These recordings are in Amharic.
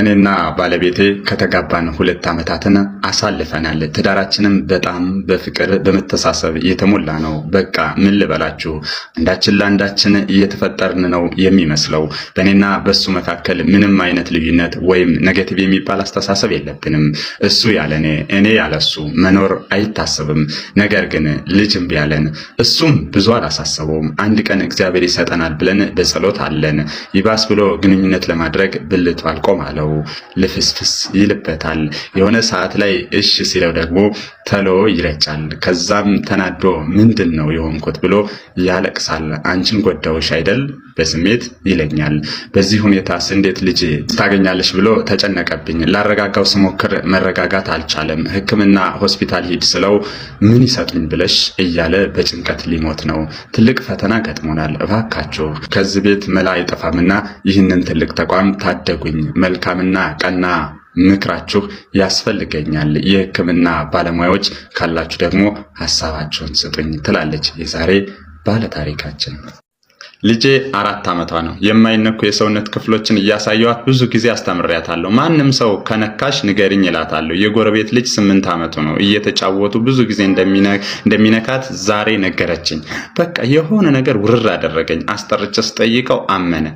እኔና ባለቤቴ ከተጋባን ሁለት ዓመታትን አሳልፈናል። ትዳራችንም በጣም በፍቅር በመተሳሰብ የተሞላ ነው። በቃ ምን ልበላችሁ አንዳችን ለአንዳችን እየተፈጠርን ነው የሚመስለው። በእኔና በእሱ መካከል ምንም አይነት ልዩነት ወይም ነገቲቭ የሚባል አስተሳሰብ የለብንም። እሱ ያለ እኔ፣ እኔ ያለ እሱ መኖር አይታሰብም። ነገር ግን ልጅም ቢያለን እሱም ብዙ አላሳሰበውም። አንድ ቀን እግዚአብሔር ይሰጠናል ብለን በጸሎት አለን። ይባስ ብሎ ግንኙነት ለማድረግ ብልቱ አልቆም አለው። ያለው ልፍስፍስ ይልበታል። የሆነ ሰዓት ላይ እሽ ሲለው ደግሞ ተሎ ይረጫል። ከዛም ተናዶ ምንድን ነው የሆንኩት ብሎ ያለቅሳል። አንቺን ጎዳውሽ አይደል በስሜት ይለኛል። በዚህ ሁኔታስ እንዴት ልጅ ታገኛለሽ ብሎ ተጨነቀብኝ። ላረጋጋው ስሞክር መረጋጋት አልቻለም። ሕክምና ሆስፒታል ሂድ ስለው ምን ይሰጡኝ ብለሽ እያለ በጭንቀት ሊሞት ነው። ትልቅ ፈተና ገጥሞናል። እባካችሁ ከዚህ ቤት መላ አይጠፋምና ይህንን ትልቅ ተቋም ታደጉኝ። መልካም መልካምና ቀና ምክራችሁ ያስፈልገኛል። የሕክምና ባለሙያዎች ካላችሁ ደግሞ ሀሳባችሁን ስጡኝ ትላለች የዛሬ ባለታሪካችን። ልጄ አራት ዓመቷ ነው። የማይነኩ የሰውነት ክፍሎችን እያሳየዋት ብዙ ጊዜ አስተምሬያታለሁ። ማንም ሰው ከነካሽ ንገሪኝ እላታለሁ። የጎረቤት ልጅ ስምንት ዓመቱ ነው። እየተጫወቱ ብዙ ጊዜ እንደሚነካት ዛሬ ነገረችኝ። በቃ የሆነ ነገር ውርር አደረገኝ። አስጠርቼ ስጠይቀው አመነ።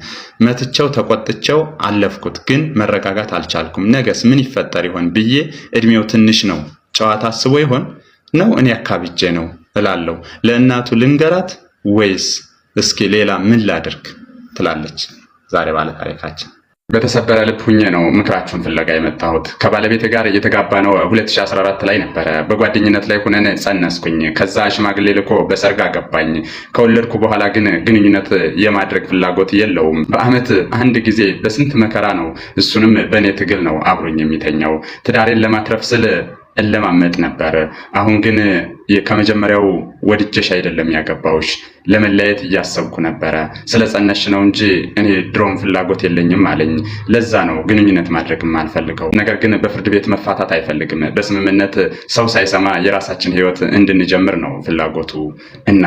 መትቸው፣ ተቆጥቸው አለፍኩት። ግን መረጋጋት አልቻልኩም። ነገስ ምን ይፈጠር ይሆን ብዬ እድሜው ትንሽ ነው። ጨዋታ አስቦ ይሆን ነው? እኔ አካብጄ ነው እላለሁ። ለእናቱ ልንገራት ወይስ እስኪ ሌላ ምን ላድርግ ትላለች ዛሬ ባለታሪካችን። በተሰበረ ልብ ሁኜ ነው ምክራችሁን ፍለጋ የመጣሁት። ከባለቤት ጋር እየተጋባ ነው 2014 ላይ ነበረ። በጓደኝነት ላይ ሁነን ጸነስኩኝ። ከዛ ሽማግሌ ልኮ በሰርግ አገባኝ። ከወለድኩ በኋላ ግን ግንኙነት የማድረግ ፍላጎት የለውም። በአመት አንድ ጊዜ በስንት መከራ ነው እሱንም በእኔ ትግል ነው አብሮኝ የሚተኛው። ትዳሬን ለማትረፍ ስል እለማመጥ ነበር አሁን ግን ከመጀመሪያው ወድጀሽ አይደለም ያገባውሽ፣ ለመለየት እያሰብኩ ነበረ። ስለ ጸነሽ ነው እንጂ እኔ ድሮም ፍላጎት የለኝም አለኝ። ለዛ ነው ግንኙነት ማድረግም አልፈልገው። ነገር ግን በፍርድ ቤት መፋታት አይፈልግም። በስምምነት ሰው ሳይሰማ የራሳችን ህይወት እንድንጀምር ነው ፍላጎቱ እና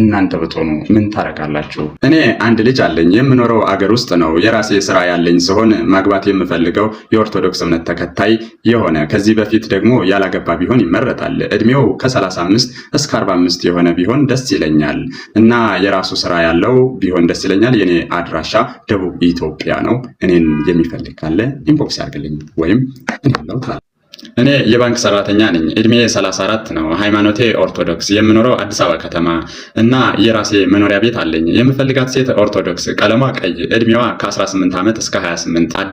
እናንተ ብትሆኑ ምን ታረጋላችሁ? እኔ አንድ ልጅ አለኝ። የምኖረው አገር ውስጥ ነው። የራሴ ስራ ያለኝ ሲሆን ማግባት የምፈልገው የኦርቶዶክስ እምነት ተከታይ የሆነ ከዚህ በፊት ደግሞ ያላገባ ቢሆን ይመረጣል። እድሜው ከ35 እስከ 45 የሆነ ቢሆን ደስ ይለኛል እና የራሱ ስራ ያለው ቢሆን ደስ ይለኛል። የኔ አድራሻ ደቡብ ኢትዮጵያ ነው። እኔን የሚፈልግ ካለ ኢንቦክስ ያርግልኝ ወይም እኔ እኔ የባንክ ሰራተኛ ነኝ። እድሜ 34 ነው። ሃይማኖቴ ኦርቶዶክስ፣ የምኖረው አዲስ አበባ ከተማ እና የራሴ መኖሪያ ቤት አለኝ። የምፈልጋት ሴት ኦርቶዶክስ፣ ቀለሟ ቀይ፣ እድሜዋ ከ18 ዓመት እስከ 28